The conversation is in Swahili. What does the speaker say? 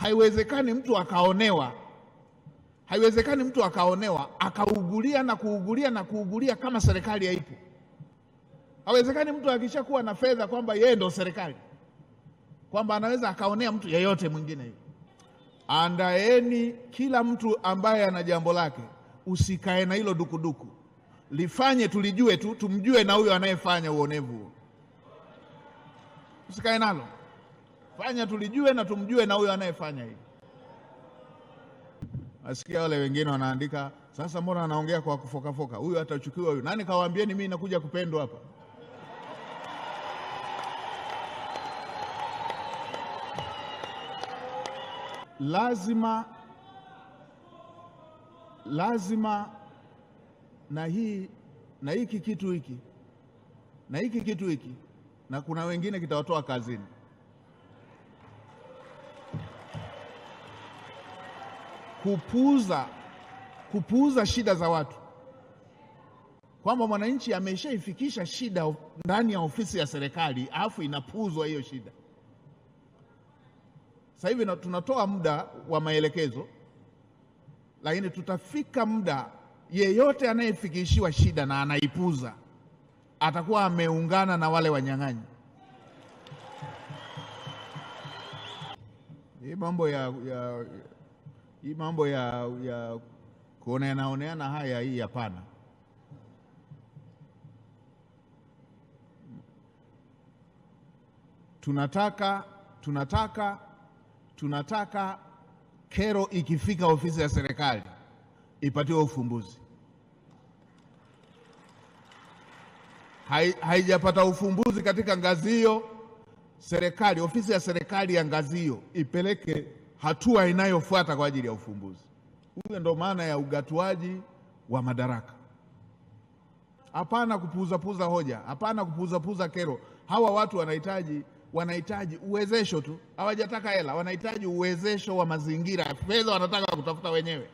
Haiwezekani mtu akaonewa, haiwezekani mtu akaonewa akaugulia na kuugulia na kuugulia kama serikali haipo. Haiwezekani mtu akishakuwa na fedha kwamba yeye ndo serikali, kwamba anaweza akaonea mtu yeyote mwingine. Hiyo andaeni, kila mtu ambaye ana jambo lake, usikae na hilo dukuduku, lifanye tulijue tu, tumjue na huyo anayefanya uonevu, usikae nalo fanya tulijue na tumjue na huyo anayefanya hivi. Nasikia wale wengine wanaandika sasa, mbona anaongea kwa kufokafoka, huyu atachukiwa huyu. Nani kawaambieni mimi nakuja kupendwa hapa? Lazima lazima na hii na hiki kitu hiki na hiki kitu hiki, na kuna wengine kitawatoa kazini. kupuuza kupuuza shida za watu, kwamba mwananchi ameshaifikisha shida ndani ya ofisi ya serikali alafu inapuuzwa hiyo shida. Sasa hivi tunatoa muda wa maelekezo, lakini tutafika muda yeyote anayefikishiwa shida na anaipuza atakuwa ameungana na wale wanyang'anyi. Hii mambo ya, ya hii mambo ya, ya kuoneanaoneana haya, hii hapana. Tunataka, tunataka, tunataka kero ikifika ofisi ya serikali ipatiwe ufumbuzi. Haijapata ufumbuzi katika ngazi hiyo, serikali, ofisi ya serikali ya ngazi hiyo ipeleke hatua inayofuata kwa ajili ya ufumbuzi. Huyo ndo maana ya ugatuaji wa madaraka. Hapana kupuuzapuuza hoja, hapana kupuuzapuuza kero. Hawa watu wanahitaji wanahitaji uwezesho tu, hawajataka hela, wanahitaji uwezesho wa mazingira. Fedha wanataka kutafuta wenyewe.